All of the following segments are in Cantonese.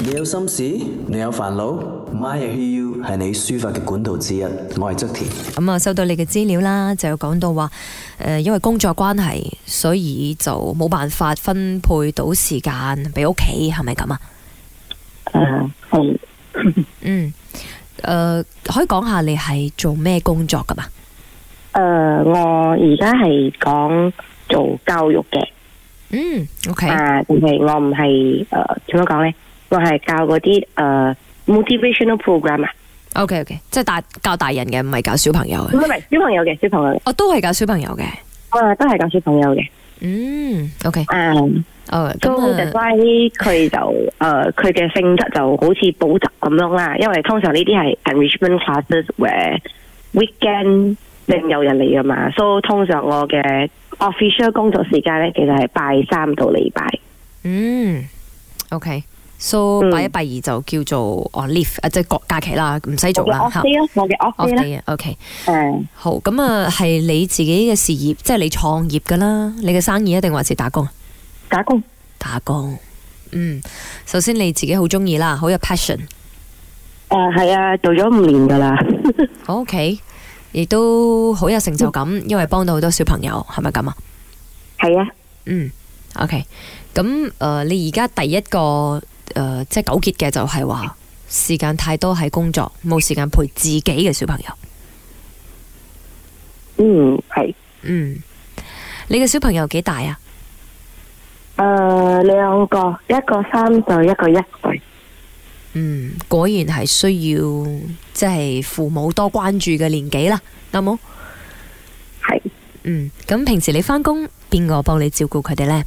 你有心事，你有煩惱，I hear you 係你抒發嘅管道之一。我係側田。咁啊、嗯，收到你嘅資料啦，就講到話，誒、呃，因為工作關係，所以就冇辦法分配到時間俾屋企，係咪咁啊？誒，uh, um. 嗯，誒、呃，可以講下你係做咩工作噶嘛？誒，uh, 我而家係講做教育嘅。嗯，OK，啊、uh,，係我唔係誒，點樣講咧？我係教嗰啲誒 motivational program 啊？O K O K，即係大教大人嘅，唔係教小朋友。唔唔係，小朋友嘅小朋友。哦，都係教小朋友嘅。啊，都係教小朋友嘅。嗯，O K。啊，哦，咁就乖。佢就誒，佢嘅性質就好似補習咁樣啦。因為通常呢啲係 enrichment classes 誒 weekend 零游人嚟噶嘛，所、so、以通常我嘅 official 工作時間咧，其實係拜三到禮拜。嗯，O K。Okay. So 拜、嗯、一拜二就叫做 on leave 啊，即係假期啦，唔使做啦吓。O K 我嘅 O K 啦。O K，Okay.、uh, 好咁啊，係你自己嘅事業，即、就、係、是、你創業噶啦，你嘅生意一定還是打工打工，打工。嗯，首先你自己好中意啦，好有 passion。誒，係啊，做咗五年噶啦。 o、okay. K，亦都好有成就感，嗯、因為幫到好多小朋友，係咪咁啊？係啊、嗯，嗯，O K。咁、呃、誒，你而家第一個？誒、呃，即係糾結嘅就係話時間太多喺工作，冇時間陪自己嘅小朋友。嗯，係，嗯，你嘅小朋友幾大啊？誒、呃，兩個，一個三歲，一個一歲。嗯，果然係需要即係、就是、父母多關注嘅年紀啦。啱冇係，是嗯，咁平時你返工，邊個幫你照顧佢哋呢？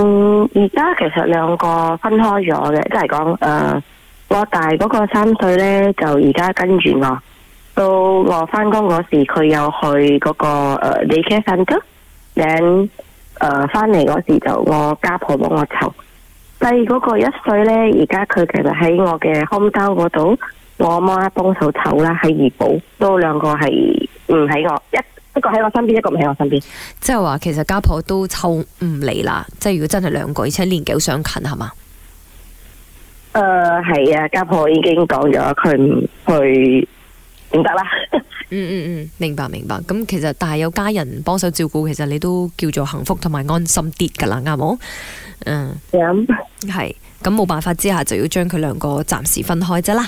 嗯，而家其實兩個分開咗嘅，即係講誒，我大嗰個三歲咧，就而家跟住我，到我翻工嗰時，佢又去嗰、嗰個誒你車瞓咗，然後誒翻嚟嗰時就我家婆幫我湊，第二嗰個一歲咧，而家佢其實喺我嘅空間嗰度，我阿媽幫手湊啦，喺怡保，都兩個係唔喺我一。一個喺我身邊，一個唔喺我身邊，即係話其實家婆都湊唔嚟啦。即係如果真係兩個，而且年紀好相近，係嘛？誒、呃，係啊，家婆已經講咗佢唔去唔得啦。 嗯嗯嗯，明白明白。咁其實但係有家人幫手照顧，其實你都叫做幸福同埋安心啲噶啦，啱唔？嗯，係咁冇辦法之下，就要將佢兩個暫時分開啫啦。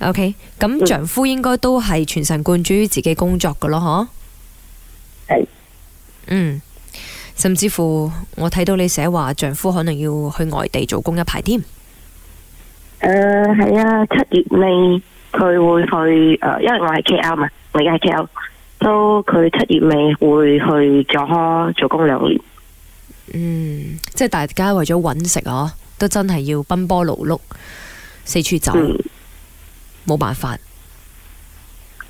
OK，咁丈夫應該都係全神貫注於自己工作噶咯，嗬、嗯？嗯是嗯，甚至乎我睇到你寫話丈夫可能要去外地做工一排添。誒係、呃、啊，七月尾佢會去誒、呃，因為我係 K L 嘛，我而家係 K L，都佢七月尾會去做做工兩年。嗯，即係大家為咗搵食嗬，都真係要奔波勞碌，四處走，冇、嗯、辦法。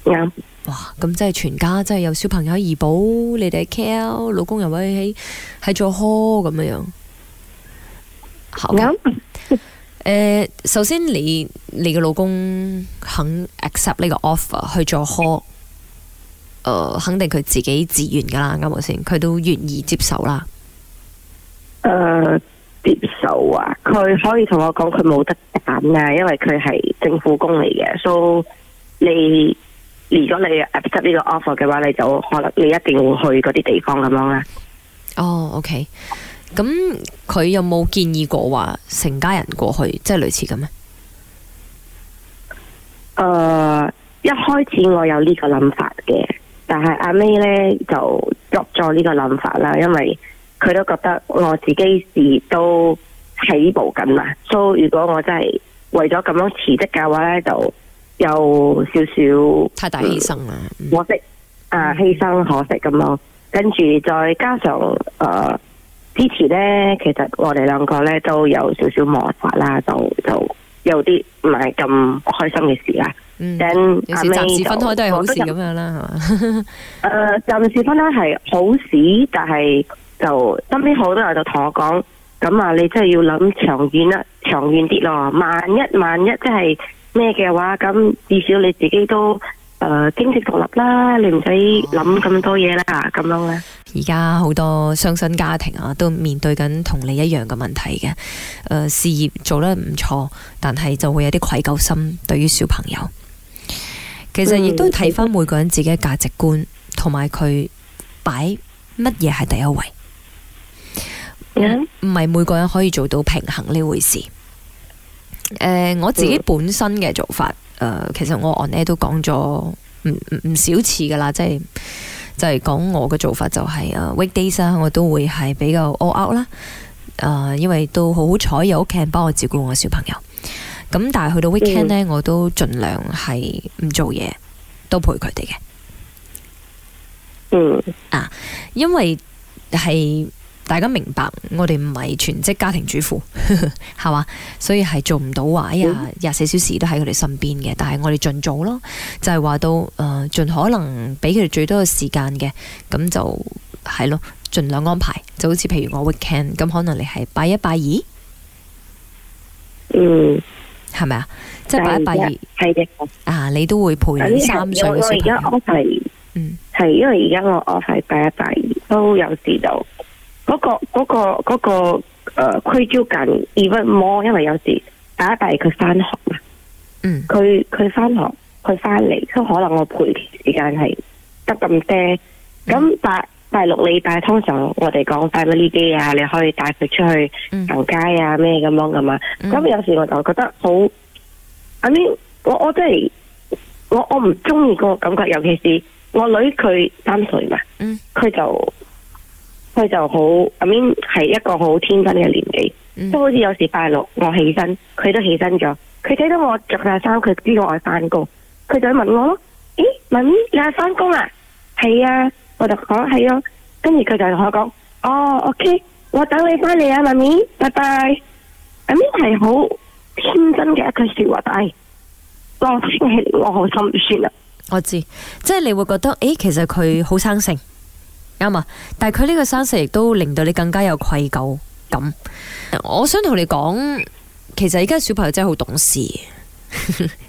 啱、嗯。哇！咁即係全家，真係有小朋友、怡保，你哋 care，老公又可以喺喺做 call 咁樣樣，好誒，嗯、 首先你你嘅老公肯 accept 呢個 offer 去做 call 誒，肯定佢自己自願噶啦，啱唔啱先？佢都願意接受啦。誒、呃，接受啊！佢可以同我講，佢冇得揀啊，因為佢係政府工嚟嘅，所以你。如果你 accept 呢個 offer 嘅話，你就可能你一定要去嗰啲地方咁樣啦。哦，OK。咁佢有冇建議過話成家人過去，即係類似咁咩？誒，uh, 一開始我有呢個諗法嘅，但係阿 May 呢就執咗呢個諗法啦，因為佢都覺得我自己事業都起步緊啦，所以如果我真係為咗咁樣辭職嘅話呢，就。有少少太大犧牲啦，呃、可惜啊，犧牲可惜咁咯。跟住、嗯、再加上誒、之、呃、前咧，其實我哋兩個咧都有少少磨合啦，就就有啲唔係咁開心嘅事啦。但、嗯、後暫時分開都係好事咁樣啦。誒、 呃，暫時分開係好事，但係就身邊好多人就同我講，咁啊，你真係要諗長遠啦，長遠啲咯。萬一萬一真、就、係、是。咩嘅話，咁至少你自己都誒、呃、經濟獨立啦，你唔使諗咁多嘢啦，咁樣呢，而家好多雙身家庭啊，都面對緊同你一樣嘅問題嘅、呃。事業做得唔錯，但係就會有啲愧疚心對於小朋友。其實亦都睇翻每個人自己嘅價值觀，同埋佢擺乜嘢係第一位。唔係、嗯、每個人可以做到平衡呢回事。誒、呃，我自己本身嘅做法，誒、mm. 呃，其實我 on air 都講咗唔唔唔少次噶啦，即係就係、是、講我嘅做法就係、是、誒、呃、weekdays、啊、我都會係比較 all out 啦，誒、呃，因為都好彩有屋企人幫我照顧我小朋友。咁但係去到 weekend 呢，mm. 我都盡量係唔做嘢，都陪佢哋嘅。嗯，mm. 啊，因為係。大家明白，我哋唔係全職家庭主婦，係 嘛，所以係做唔到話哎呀，廿四小時都喺佢哋身邊嘅。但係我哋盡早咯，就係、係、話到誒、呃，盡可能俾佢哋最多嘅時間嘅，咁就係咯，盡量安排。就好似譬如我 weekend，咁可能你係拜一拜二，嗯，係咪啊？即係拜一拜二，係嘅的。啊，你都會陪三歲嘅小朋友，我而家係因為而家我安排、嗯、拜一拜二都有事到。嗰、那個嗰、那個嗰、那個招緊 even more 因為有時大一打、大二佢翻學嘛，嗯，佢佢翻學，佢翻嚟都可能我陪時間係得咁多。咁大大六禮拜通常我哋講返咗呢啲啊，你可以帶佢出去行、嗯、街啊咩咁樣咁嘛。咁有時我就覺得好，阿 May 我我真係我我唔中意嗰個感覺，尤其是我女佢三歲嘛，嗯，佢就。佢就好，阿咪係一個好天真嘅年紀，即好似有時快六，我起身，佢都起身咗，佢睇到我着晒衫，佢知道我翻工，佢就問我：，咦、欸，媽咪，你去翻工啊？係啊，我就講係咯，啊、跟住佢就同我講：，哦，OK，我等你翻嚟啊，媽咪，拜拜。阿咪係好天真嘅一句說話，但係，我真係我好心酸啊！我知道，即係你會覺得，誒、欸，其實佢好生性。啱啊！但係佢呢個生性亦都令到你更加有愧疚感。我想同你講，其實而家小朋友真係好懂事，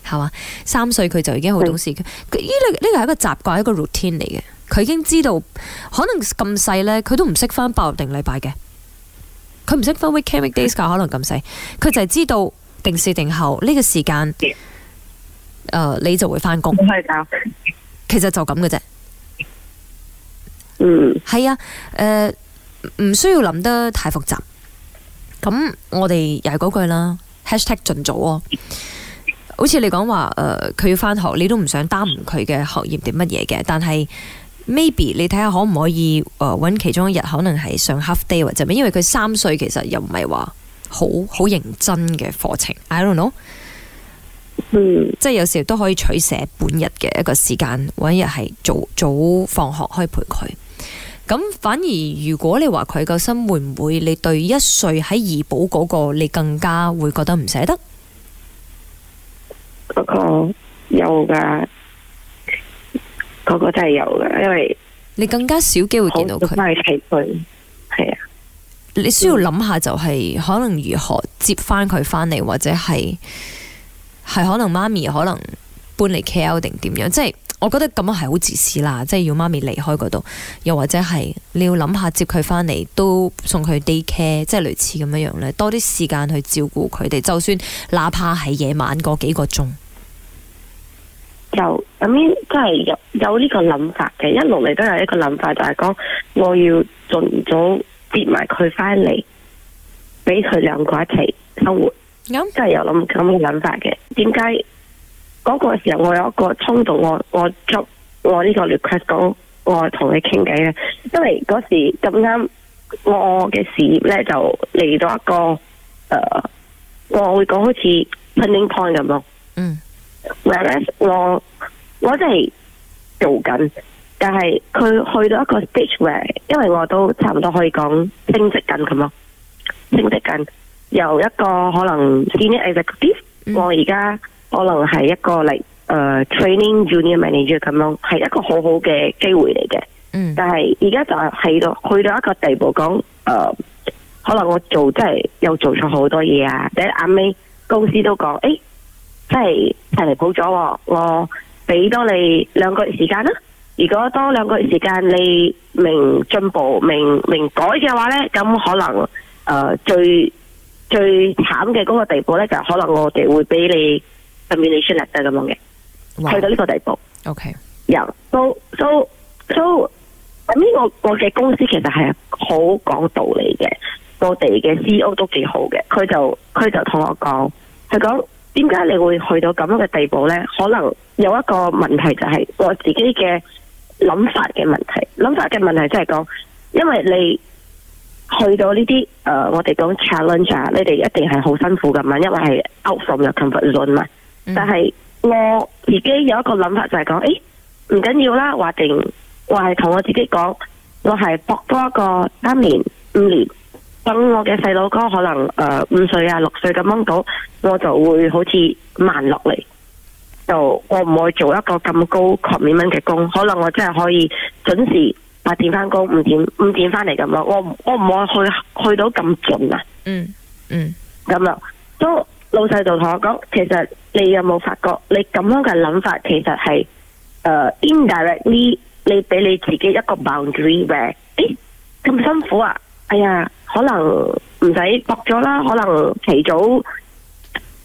係嘛？三歲佢就已經好懂事嘅。呢個呢個係一個習慣，一個 routine 嚟嘅。佢已經知道，可能咁細呢，佢都唔識翻白定禮拜嘅。佢唔識翻 weekend weekdays 可能咁細，佢就係知道定時定候呢、呢個時間的、呃，你就會翻工。的其實就咁嘅啫。嗯，係啊，誒、呃，唔需要諗得太複雜。咁我哋又係嗰句啦，#hashtag 盡早、哦。好似你講話，誒、呃，佢要返學，你都唔想耽誤佢嘅學業點乜嘢嘅。但係 maybe 你睇下可唔可以，誒、呃，搵其中一日可能係上 half day 或者咩？因為佢三歲其實又唔係話好好認真嘅課程，I don't know、嗯。即係有時候都可以取捨半日嘅一個時間，搵日係早早放學可以陪佢。咁反而如果你話佢個心會唔會你對一歲喺二寶嗰個你更加會覺得唔捨得？嗰個有噶，嗰個真係有噶，因為你更加少機會見到佢。翻去係啊，你需要諗下就係可能如何接翻佢翻嚟，或者係係可能媽咪可能搬嚟 KL 定點樣，即係。我覺得咁樣係好自私啦，即係要媽咪離開嗰度，又或者係你要諗下接佢返嚟，都送佢 day care，即係類似咁樣樣咧，多啲時間去照顧佢哋，就算哪怕係夜晚個幾個鐘。就咁即係有有呢個諗法嘅，一路嚟都有一個諗法，就係講我要盡早接埋佢返嚟，俾佢兩個一齊生活。咁即係有諗咁嘅諗法嘅，點解？嗰個時候我有一個衝動，我我作我呢個 request 講我同你傾偈嘅，因為嗰時咁啱我嘅事業咧就嚟到一個誒、呃，我會講好似 pinning point 咁咯。嗯，whereas 我我真係做緊，但係佢去到一個 stage where 因為我都差唔多可以講升職緊咁咯，升職緊由一個可能 Senior Executive，嗯、我而家。可能係一個嚟誒、呃、training junior manager 咁樣，係一個好好嘅機會嚟嘅。嗯，但係而家就喺度去到一個地步講，誒、呃，可能我做真係又做錯好多嘢啊！第一、阿尾公司都講，誒、欸，真係真係太離譜咗我，我俾多你兩個月時間啦。如果多兩個月時間你明進步、明明改嘅話咧，咁可能誒、呃、最最慘嘅嗰個地步咧，就可能我哋會俾你。communication 啊，就咁樣嘅，去到呢個地步。OK，有哇。都都都咁呢？我我嘅公司其實係好講道理嘅，我哋嘅 CEO 都幾好嘅。佢就佢就同我講，佢講，點解你會去到咁樣嘅地步咧？可能有一個問題就係我自己嘅諗法嘅問題，諗法嘅問題即係講，因為你去到呢啲誒，我哋講 challenge 你哋一定係好辛苦噶嘛，因為係 out from your comfort zone 嘛。嗯、但係我自己有一個諗法就係講，誒唔緊要啦，或定。我係同我自己講，我係搏多一個三年五年，等我嘅細佬哥可能誒、呃、五歲啊六歲咁樣到，我就會好似慢落嚟，就我唔會做一個咁高抗美蚊嘅工，可能我真係可以準時八點翻工，五點五點翻嚟咁樣，我我唔會去去到咁盡啊，嗯嗯咁啊都。老細就同我講，其實你有冇發覺你咁樣嘅諗法，其實係誒、呃、indirectly 你俾你自己一個 boundary 嘅，咁辛苦啊，哎呀，可能唔使搏咗啦，可能提早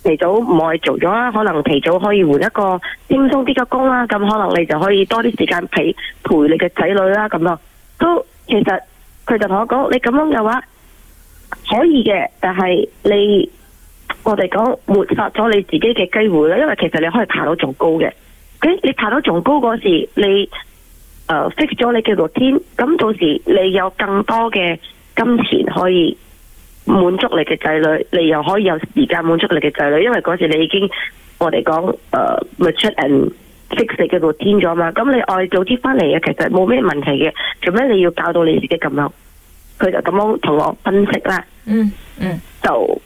提早唔再做咗啦，可能提早可以換一個輕鬆啲嘅工啦，啊，咁、嗯、可能你就可以多啲時間陪陪你嘅仔女啦，啊，咁咯。都其實佢就同我講，你咁樣嘅話可以嘅，但係你。我哋講抹殺咗你自己嘅機會啦，因為其實你可以爬到仲高嘅。咁、哎、你爬到仲高嗰時，你誒 fix 咗你嘅六天，咁到時你有更多嘅金錢可以滿足你嘅仔女，你又可以有時間滿足你嘅仔女，因為嗰時你已經我哋講誒，出人 fix 你嘅六天咗嘛，咁你愛早啲翻嚟啊，其實冇咩問題嘅。做咩你要搞到你自己咁樣？佢就咁樣同我分析啦、嗯。嗯嗯，就。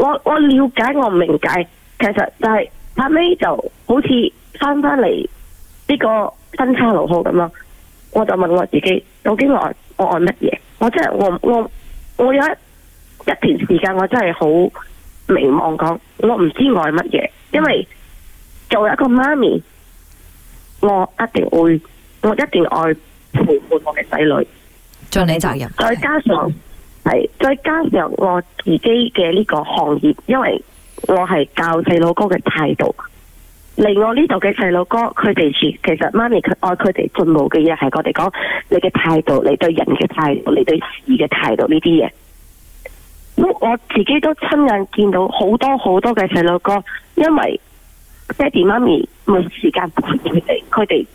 我我了解，我唔明解，其實就係、是、後尾就好似翻返嚟呢個分叉路口咁咯。我就問我自己，究竟我我，我愛乜嘢？我真係我我我有一一段時間我真係好迷茫，講我唔知愛乜嘢。因為作為一個媽咪，我一定會我一定愛陪伴我嘅仔女，盡你責任。再加上。係，再加上我自己嘅呢個行業，因為我係教細佬哥嘅態度。嚟我呢度嘅細佬哥，佢哋其實媽咪佢愛佢哋進步嘅嘢，係我哋講你嘅態度，你對人嘅態度，你對事嘅態度呢啲嘢。咁我自己都親眼見到好多好多嘅細佬哥，因為爹哋媽咪冇時間陪佢哋，佢哋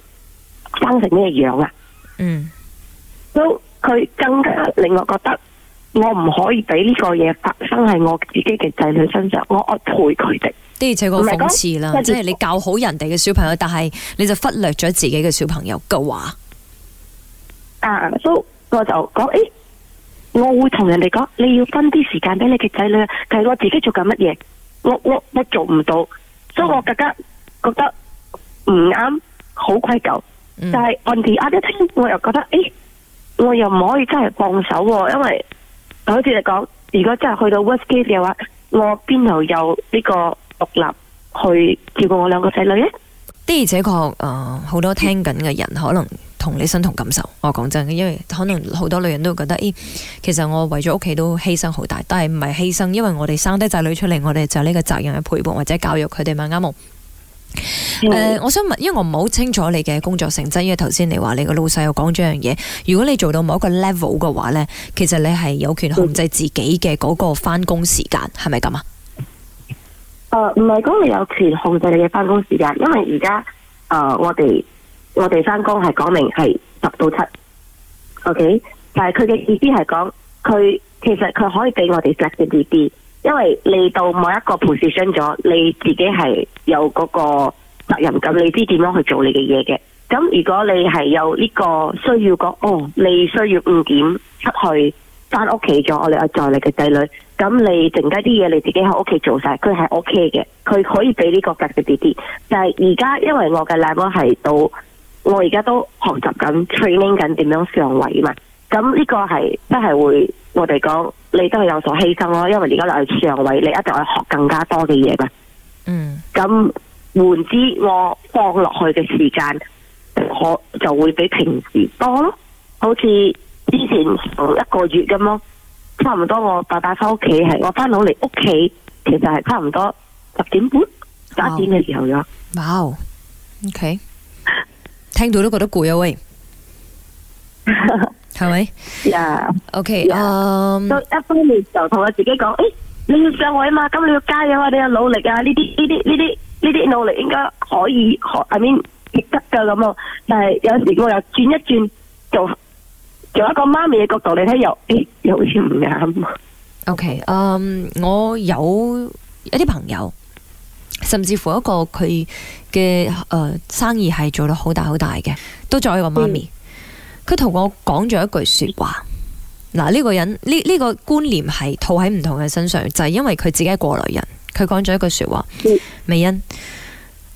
生成咩樣啊？嗯。咁佢、so, 更加令我覺得。我唔可以俾呢個嘢發生喺我自己嘅仔女身上，我我陪佢哋，啲而且個諷刺啦，是即係你教好人哋嘅小朋友，但係你就忽略咗自己嘅小朋友嘅話，啊都我就講，誒、欸、我會同人哋講，你要分啲時間俾你嘅仔女，但、就、係、是、我自己做緊乜嘢，我我我做唔到，所以我更加覺得唔啱，好愧疚。嗯、但係按題一一聽，我又覺得，誒、欸、我又唔可以真係放手，因為。好似你講，如果真係去到 Westgate 嘅話，我邊度有呢個獨立去照顧我兩個仔女呢？的而且確，好多聽緊嘅人可能同你身同感受。我講真嘅，因為可能好多女人都會覺得，咦、欸，其實我為咗屋企都犧牲好大，但係唔係犧牲，因為我哋生低仔女出嚟，我哋就係呢個責任去陪伴或者教育佢哋嘛，啱啱？」誒、呃，我想問，因為我唔係好清楚你嘅工作性質，因為頭先你話你個老細又講咗一樣嘢。如果你做到某一個 level 嘅話呢，其實你係有權控制自己嘅嗰個翻工時間，係咪咁啊？唔係、呃，講你有權控制你嘅翻工時間，因為而家、呃、我哋我哋翻工係講明係十到七。OK，但係佢嘅意思係講，佢其實佢可以俾我哋 flexible 啲。因為你到某一個 position 咗，你自己係有嗰個責任感，你知點樣去做你嘅嘢嘅。咁如果你係有呢個需要講，哦，你需要五點出去翻屋企咗，我哋我在你嘅仔女，咁你剩低啲嘢你自己喺屋企做晒，佢係 O K 嘅，佢可以俾呢個隔值啲啲。但係而家因為我嘅 l e 係係到我而家都學習緊 training 緊點樣上位嘛，咁呢個係真係會。我哋講，你都係有所犧牲咯，因為而家就係上位，你一定係學更加多嘅嘢嘛。嗯，咁換之我放落去嘅時間，我就會比平時多咯。好似之前一個月咁咯，差唔多我爸爸翻屋企係，我翻到嚟屋企，其實係差唔多十點半，八點嘅時候咗。哇，wow. Wow .，OK， 聽到都覺得攰啊，喂。 係咪？OK 到一方面就同我自己講，誒、哎，你要上位啊嘛，咁你要加油啊，你要努力啊，呢啲呢啲呢啲呢啲努力應該可以，下面得噶咁咯。但係有時我又轉一轉，做做一個媽咪嘅角度嚟睇，又、哎、誒，又好似唔啱。OK，、um, 我有一啲朋友，甚至乎一個佢嘅誒生意係做得好大好大嘅，都做一個媽咪。嗯佢同我講咗一句說話，嗱、這、呢個人呢呢、這個觀念係套喺唔同嘅身上，就係、是、因為佢自己係過來人。佢講咗一句說話，嗯、美欣，誒、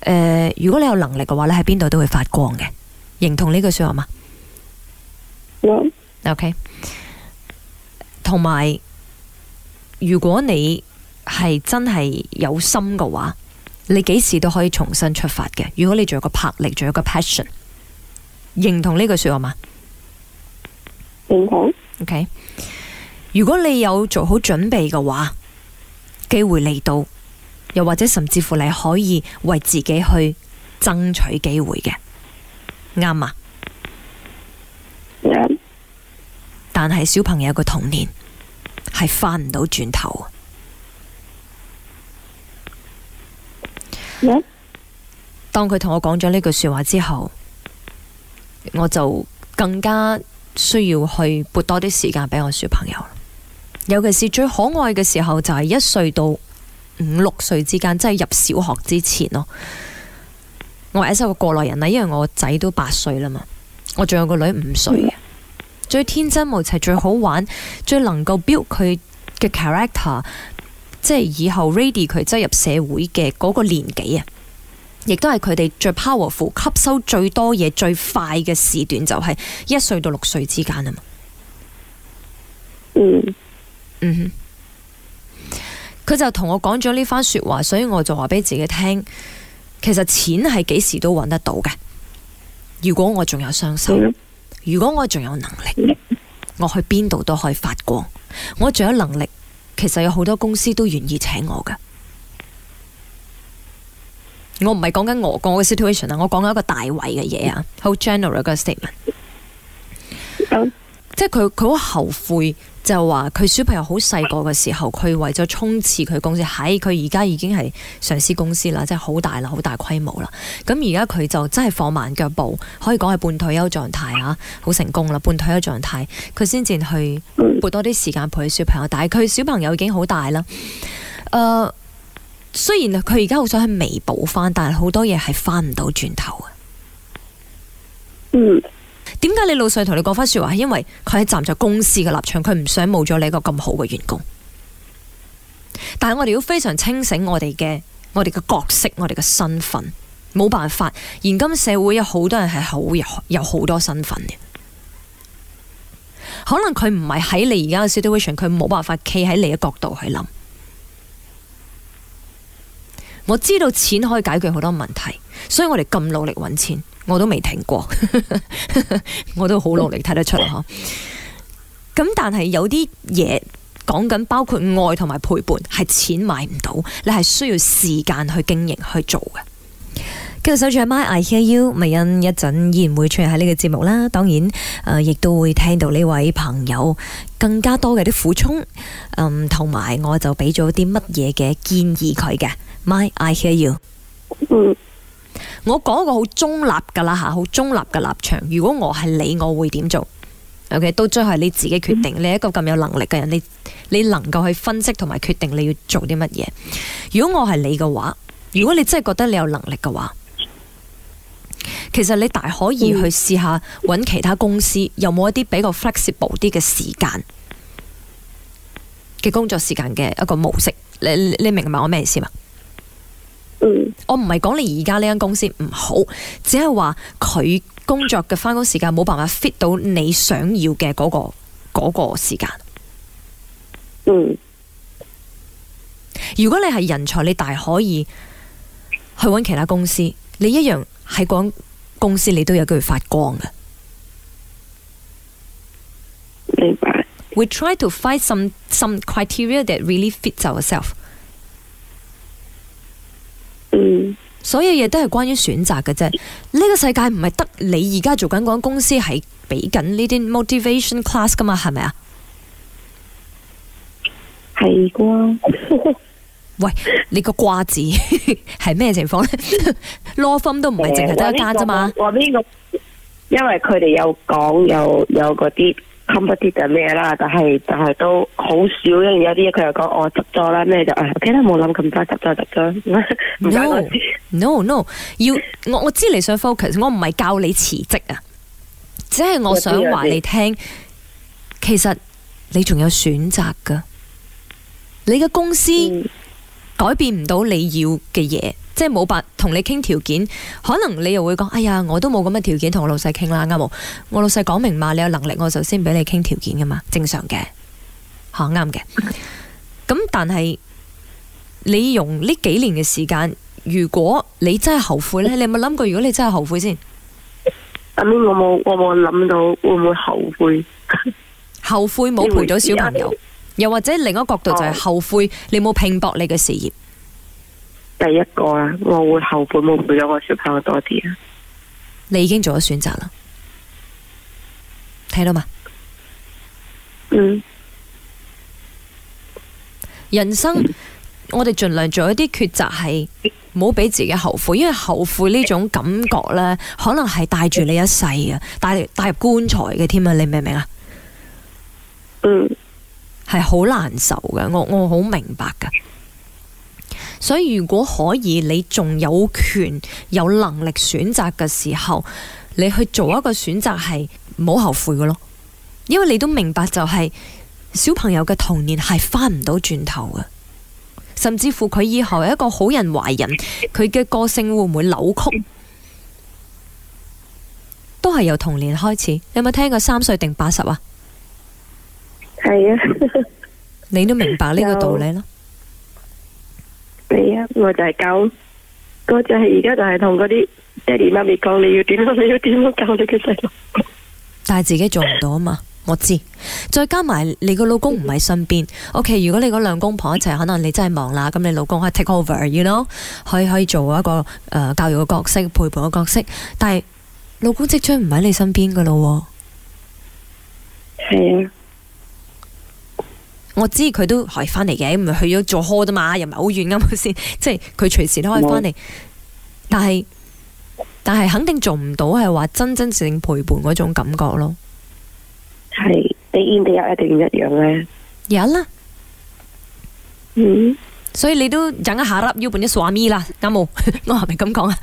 呃，如果你有能力嘅話你喺邊度都會發光嘅。認同呢句說話嘛、嗯、？OK，同埋如果你係真係有心嘅話，你幾時都可以重新出發嘅。如果你仲有個魄力，仲有個 passion，認同呢句說話嘛？OK，如果你有做好準備嘅話，機會嚟到，又或者甚至乎你可以為自己去爭取機會嘅，啱啊。Yeah. 但係小朋友嘅童年係翻唔到轉頭。y Yeah. 當佢同我講咗呢句說話之後，我就更加，需要去撥多啲時間俾我小朋友，尤其是最可愛嘅時候就係一歲到五六歲之間，即係入小學之前咯。我係一個過來人啦，因為我仔都八歲啦嘛，我仲有個女五歲，最天真無邪、最好玩、最能夠 build 佢嘅 character，即係以後 ready 佢即係入社會嘅嗰個年紀啊。亦都係佢哋最 powerful 吸收最多嘢、最快嘅時段，就係一歲到六歲之間啊嘛。Mm. 嗯哼，佢就同我講咗呢番說話，所以我就話俾自己聽，其實錢係幾時都搵得到嘅。如果我仲有雙手，mm. 如果我仲有能力，我去邊度都可以發光。我仲有能力，其實有好多公司都願意請我㗎。我唔係講緊俄國嘅 situation 啊，我講緊一個大位嘅嘢啊，好 general 嘅 statement。嗯、即係佢佢好後悔，就話佢小朋友好細個嘅時候，佢為咗衝刺佢公司，喺佢而家已經係上市公司啦，即係好大啦，好大規模啦。咁而家佢就真係放慢腳步，可以講係半退休狀態啊。好成功啦，半退休狀態，佢先至去撥多啲時間陪佢小朋友。但係佢小朋友已經好大啦，誒、呃。雖然佢而家好想去彌補翻，但係好多嘢係翻唔到轉頭嘅。點解、嗯、你老細同你講翻說話？因為佢係站在公司嘅立場，佢唔想冇咗你一個咁好嘅員工。但係我哋要非常清醒我哋嘅，我哋嘅我哋嘅角色，我哋嘅身份，冇辦法。現今社會有好多人係好有有好多身份嘅，可能佢唔係喺你而家嘅 situation，佢冇辦法企喺你嘅角度去諗。我知道錢可以解決好多問題，所以我哋咁努力揾錢，我都未停過，呵呵，我都好努力，睇得出嚟嗬。咁 但係有啲嘢講緊，包括愛同埋陪伴，係錢買唔到，你係需要時間去經營去做嘅。跟住，手住係 My I Hear You，咪因一陣依然會出現喺呢個節目啦。當然、呃，亦都會聽到呢位朋友更加多嘅啲苦衷，同、嗯、埋我就俾咗啲乜嘢嘅建議佢嘅。My, I hear you。嗯，我講一個好中立噶啦吓，好中立嘅立場。如果我係你，我會點做？OK，到最後你自己決定。你一個咁有能力嘅人，你你能夠去分析同埋決定你要做啲乜嘢。如果我係你嘅話，如果你真係覺得你有能力嘅話，其實你大可以去試下揾其他公司，有冇一啲比較 flexible 啲嘅時間嘅工作時間嘅一個模式。你你明白我咩意思嘛？我唔係講你而家呢間公司唔好，只係話佢工作嘅返工時間冇辦法 fit 到你想要嘅嗰個嗰個時間。嗯，如果你係人才，你大可以去揾其他公司，你一樣喺嗰間公司，你都有機會發光嘅。明白。We try to find some some criteria that really fits ourselves. 嗯，所有嘢都係關於選擇嘅啫。呢、這個世界唔係得你而家做緊嗰間公司係俾緊呢啲 motivation class 噶嘛？係咪啊？係啩是的？ 喂，你個瓜子係咩情況咧？Law firm 都唔係淨係得一間啫嘛？我呢個，因為佢哋有講有有嗰啲。completed 咩啦？但係但係都好少，因為有啲嘢佢又講我執咗啦，咩就誒，O K 啦，冇諗咁多，執咗執咗。唔好 no no, ，no no，要我我知你想 focus，我唔係教你辭職啊，只係我想話你聽，有點點其實你仲有選擇噶，你嘅公司。嗯改變唔到你要嘅嘢，即係冇辦法同你傾條件，可能你又會講，哎呀，我都冇咁嘅條件同我老細傾啦，啱冇？我老細講明嘛，你有能力，我就先俾你傾條件噶嘛，正常嘅，吓啱嘅。咁但係你用呢幾年嘅時間，如果你真係後悔呢？你有冇諗過？如果你真係後悔先，阿我冇，我冇諗到會唔會後悔？ 後悔冇陪咗小朋友。又或者另一個角度就係後悔，你冇拼搏你嘅事業？第一個啊，我會後悔冇陪咗個小朋友多啲啊！你已經做咗選擇啦，睇到嘛？嗯。人生我哋盡量做一啲抉擇，係唔好俾自己後悔，因為後悔呢種感覺呢，可能係帶住你一世啊，帶帶入棺材嘅添啊！你明唔明啊？嗯。係好難受嘅，我我好明白噶所以如果可以，你仲有權有能力選擇嘅時候，你去做一個選擇係唔好後悔嘅咯。因為你都明白就係小朋友嘅童年係翻唔到轉頭嘅，甚至乎佢以後係一個好人壞人，佢嘅個性會唔會扭曲，都係由童年開始。你有冇聽過三歲定八十啊？係啊， 你都明白呢個道理咯。你啊，我就係教，我就係而家就係同嗰啲爹哋媽咪講你要點樣，你要點樣教你嘅細路。但係自己做唔到啊嘛，我知。再加埋你個老公唔喺身邊，OK。如果你講兩公婆一齊，可能你真係忙啦。咁你老公可以 take over，you know，可以可以做一個誒教育嘅角色、陪伴嘅角色。但係老公即將唔喺你身邊噶啦，係啊。我知佢都可以翻嚟嘅，唔咪去咗做 call 啫嘛，又唔係好遠佢先，即係佢隨時都可以翻嚟沒。但係但係肯定做唔到係話真真正正陪伴嗰種感覺咯。係你應唔應有一定一樣咧？有啦了。嗯。所以你都忍一下粒腰盤啲蒜咪啦，啱，毛， 我係咪咁講啊？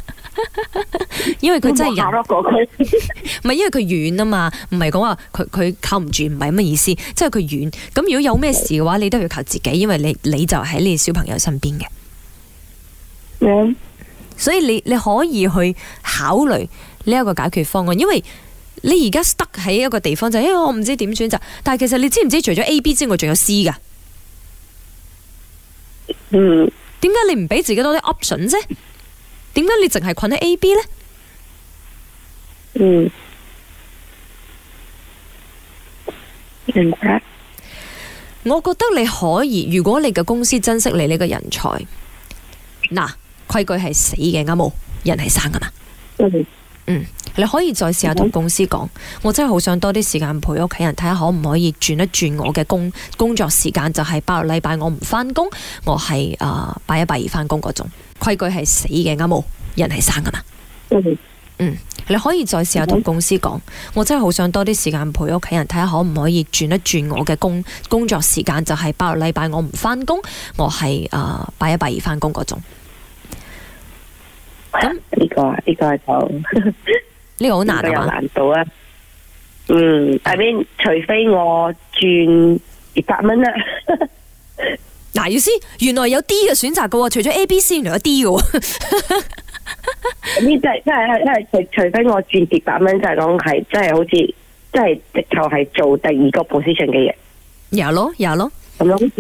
因為佢真係人，唔 係因為佢遠啊嘛，唔係講話佢佢靠唔住，唔係咁嘅意思，即係佢遠。咁如果有咩事嘅話，你都要靠自己，因為你你就喺你小朋友身邊嘅。嗯。所以你你可以去考慮呢一個解決方案，因為你而家 stuck 喺一個地方就因為、欸、我唔知點選擇，但係其實你知唔知除咗 A、B 之外仲有 C 噶？嗯。點解你唔俾自己多啲 option 啫？點解你淨係困喺 A、B 呢？嗯？嗯，明白。我覺得你可以，如果你嘅公司珍惜你呢個人才，嗱，規矩係死嘅，啱毛人係生噶嘛？嗯，嗯，你可以再試下同公司講，我真係好想多啲時間陪屋企人，睇下可唔可以轉一轉我嘅工工作時間，就係、是、拜六禮拜我唔返工，我係啊拜一拜二返工嗰種。規矩係死嘅，啱冇人係生噶嘛？Mm hmm. 嗯，你可以再試下同公司講，mm hmm. 我真係好想多啲時間陪屋企人睇下，可唔可以轉一轉我嘅工工作時間？就係拜六禮拜我唔返工，我係啊拜一拜二返工嗰種。呢、這個呢、這個係 有難度啊！ 嗯，係咪？除非我轉二百蚊啊！ 大意思，原來有 D 嘅選擇噶喎，除咗 A、B、C，原來有 D 噶。呢即係即係即係除除非我轉跌百蚊，就係講係即係好似即係直頭係做第二個 position 嘅嘢。有咯，有咯，咁樣。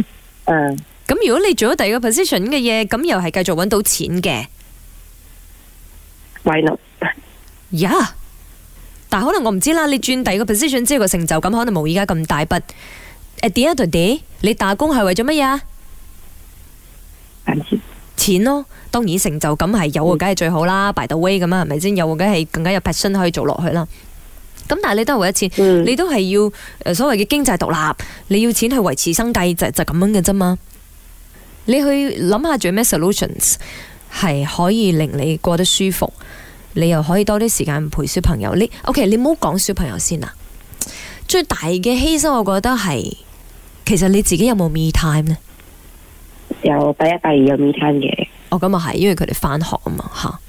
誒，咁如果你做咗第二個 position 嘅嘢，咁又係繼續搵到錢嘅。維立。呀！但係可能我唔知啦，你轉第二個 position 之後個成就感可能冇而家咁大筆。誒，點啊，Tony？你打工係為咗乜嘢啊？錢咯，當然成就感係有啊，梗係最好啦、嗯、，by the way 咁啊，係咪先有啊，梗係更加有 passion 可以做落去啦。咁但係你，、嗯、你都係為咗錢，你都係要誒所謂嘅經濟獨立，你要錢去維持生計就就是、咁樣嘅啫嘛。你去諗下仲有咩 solutions 係可以令你過得舒服，你又可以多啲時間陪小朋友。你 OK，你唔好講小朋友先啊。最大嘅犧牲，我覺得係其實你自己有冇 me time 呢？有第一比、第二有午餐嘅，比比哦咁啊係，因為佢哋返學啊嘛吓，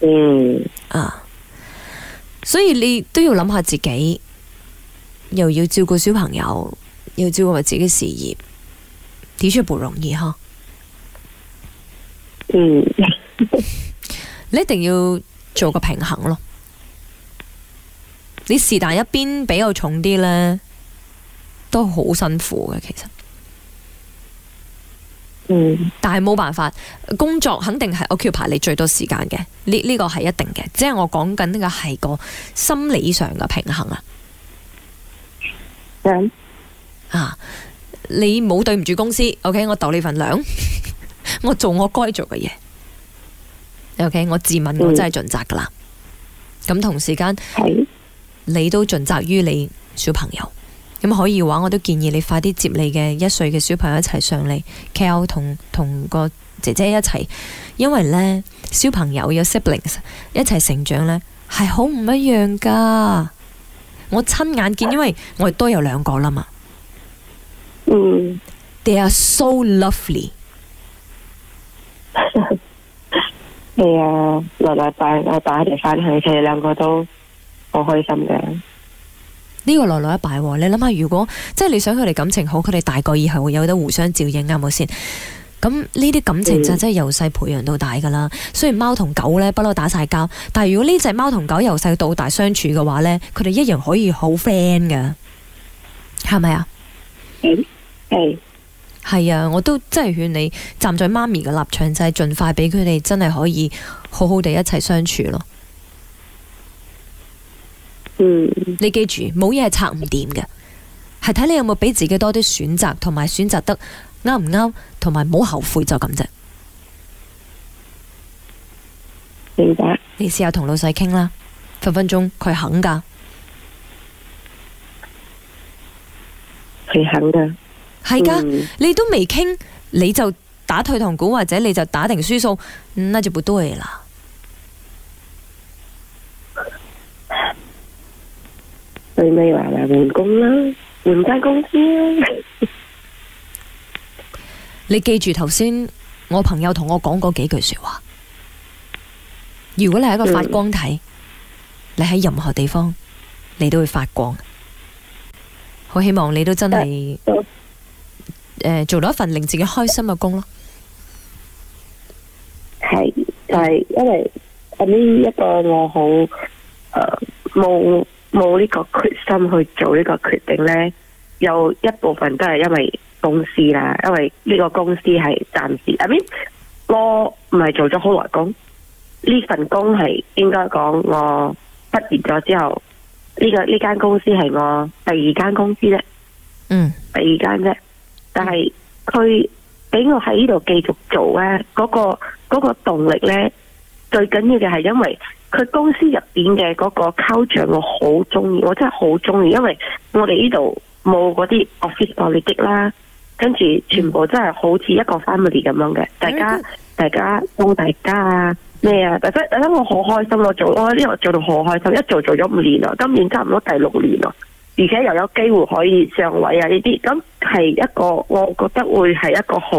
嗯啊，所以你都要諗下自己，又要照顧小朋友，要照顧自己事業，的確不容易哈。嗯， 你一定要做個平衡咯，你是但一邊比較重啲呢，都好辛苦嘅其實。嗯、但係冇辦法，工作肯定係 occupy 你最多時間嘅，呢呢個係一定嘅。即係我講緊呢個係個心理上嘅平衡啊。嗯、啊，你冇對唔住公司，OK，我逗你份糧， 我做我該做嘅嘢。OK，我自問我真係盡責噶啦。咁、嗯、同時間、嗯、你都盡責於你小朋友。咁可以嘅話，我都建議你快啲接你嘅一歲嘅小朋友一齊上嚟，Kel 同同個姐姐一齊，因為呢，小朋友有 siblings 一齊成長呢，係好唔一樣㗎。我親眼見，因為我哋都有兩個啦嘛。嗯，They are so lovely。係啊、 yeah，我帶我帶佢哋翻去，佢哋兩個都好開心嘅。呢個來來一敗，你諗下，如果即係你想佢哋感情好，佢哋大個以後會有得互相照應，啱唔啱先？咁呢啲感情就真係由細培養到大噶啦。嗯、雖然貓同狗呢不嬲打晒交，但係如果呢隻貓同狗由細到大相處嘅話呢，佢哋一樣可以好 friend 噶，係咪啊？係係係啊！我都真係勸你站在媽咪嘅立場，就係、是、盡快俾佢哋真係可以好好地一齊相處咯。嗯，你記住，冇嘢係拆唔掂嘅，係睇你有冇俾自己多啲選擇，同埋選擇得啱唔啱，同埋冇後悔就咁啫。明白，你試下同老細傾啦，分分鐘佢肯噶，佢肯噶，係噶的，嗯，你都未傾，你就打退堂鼓，或者你就打定輸數，那就不對啦。最尾話話換工啦，換間公司啦。你記住頭先我朋友同我講嗰幾句說話。如果你係一個發光體，你喺任何地方，你都會發光。好希望你都真係，誒，做到一份令自己開心嘅工咯。係就係因為係呢一個我好誒冇。冇呢個決心去做呢個決定呢，有一部分都係因為公司啦，因為呢個公司係暫時。I mean, 我唔係做咗好耐工，呢份工係應該講我畢業咗之後，呢、呢個呢間公司係我第二間公司呢，嗯，第二間啫，但係佢俾我喺呢度繼續做呢，嗰、嗰個嗰、嗰個動力呢，最緊要嘅係因為。佢公司入邊嘅嗰個 culture 我好中意，我真係好中意，因為我哋呢度冇嗰啲 office politics 啦，跟住全部真係好似一個 family 咁樣嘅，大家、嗯、大家幫大家啊咩啊，大家大家我好開心，我做我呢度做到好開心，一做做咗五年啦，今年差唔多第六年啦，而且又有機會可以上位啊呢啲，咁係一個我覺得會係一個好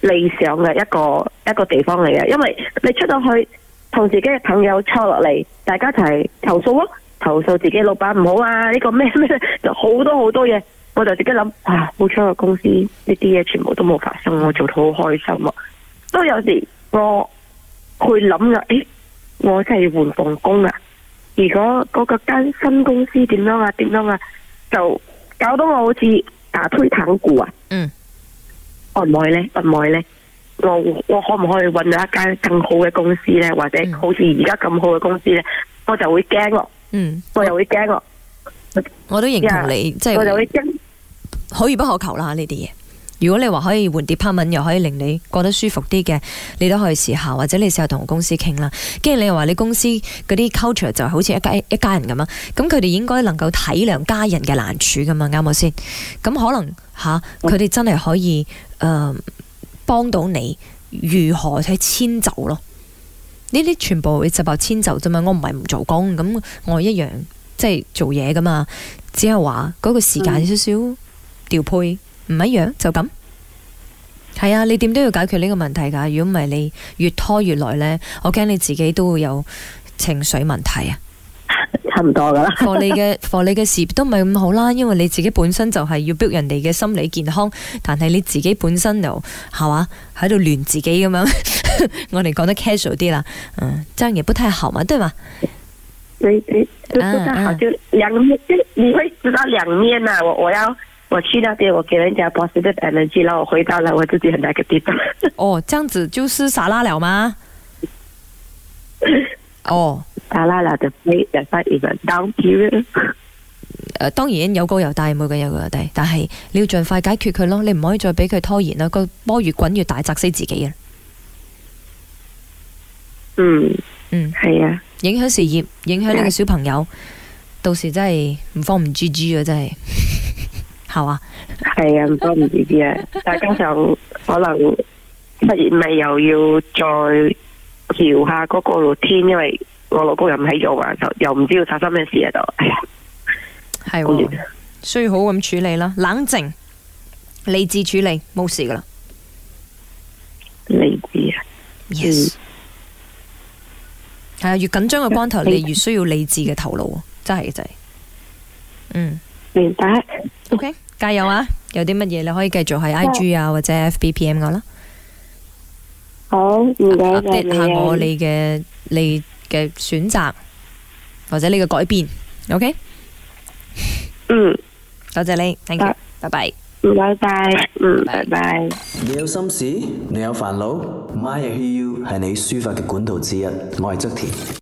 理想嘅一個一個地方嚟嘅，因為你出到去。同自己嘅朋友坐落嚟，大家一齊投訴咯，投訴自己老板唔好啊！呢個咩咩就好多好多嘢，我就自己諗啊，好彩個公司呢啲嘢全部都冇發生，我做得好開心啊！都有時我去諗啦，誒，我真係換份工啊！如果嗰個間新公司點樣啊，點樣啊，就搞到我好似打退堂鼓啊！嗯，唔好呢，咧，唔好咧。我，我可唔可以揾到一間更好嘅公司呢？或者好似而家咁好嘅公司呢？我就會驚咯。嗯，我又會驚咯。我都認同你，yeah, 即係是我又會驚，可遇不可求啦呢啲嘢。如果你話可以換 Department，又可以令你過得舒服啲嘅，你都可以試下，或者你試下同公司傾啦。跟住你又話你公司嗰啲 culture 就係好似一家一家人咁樣，咁佢哋應該能夠體諒家人嘅難處噶嘛，啱唔啱先？咁可能吓，佢哋真係可以誒。嗯呃幫到你如何去遷就咯？呢啲，全部你就話遷就啫嘛，我唔係唔做工咁，我一樣即係做嘢噶嘛，只係話嗰個時間少少調配唔、嗯、一樣就咁。係啊，你點都要解決呢個問題噶，如果唔係你越拖越耐呢，我驚你自己都會有情緒問題啊。唔多噶啦，霍你嘅霍 你嘅事都唔係咁好啦，因為你自己本身就係要逼人哋嘅心理健康，但係你自己本身就係哇喺度亂自己咁樣，我哋講得 casual 啲啦，嗯，真嘢不太好嘛，對嘛？你你你真係合咗兩面，你會知道兩面啊！我我要我去那邊，我給人家 positive energy，然後我回到了我自己很大嘅地方？哦，這樣子就是撒拉了嗎？ 哦。係啦，就俾人發現個 downgrade。誒，當然有高有大，每個有高有低，但係你要盡快解決佢咯，你唔可以再俾佢拖延啦。個波越滾越大，砸死自己啊。嗯嗯，係啊，影響事業，影響你個小朋友，的到時真係唔方唔知知啊，真係係啊，係啊， 唔方唔知知啊。再加上可能突然咪又要再調下嗰個露天，因為，我老公又唔起咗啊！又唔知要發生咩事喺度，係需要好好咁處理啦，冷靜，理智處理，冇事噶啦。理智、啊、yes。係啊，越緊張嘅關頭，你越需要理智嘅頭腦，真係嘅，真係。嗯，明白。OK，加油啊！有啲乜嘢你可以繼續喺 IG 啊或者 FBPM 我、啊、啦。好，唔該，謝你啊。Uh, update 下我你嘅你。嘅選擇或者你嘅改變，OK？嗯，多謝你，thank you，拜拜，嗯，拜拜，嗯，拜拜。你有心事，你有煩惱，MY I HEAR U 係你抒發嘅管道之一，我係側田。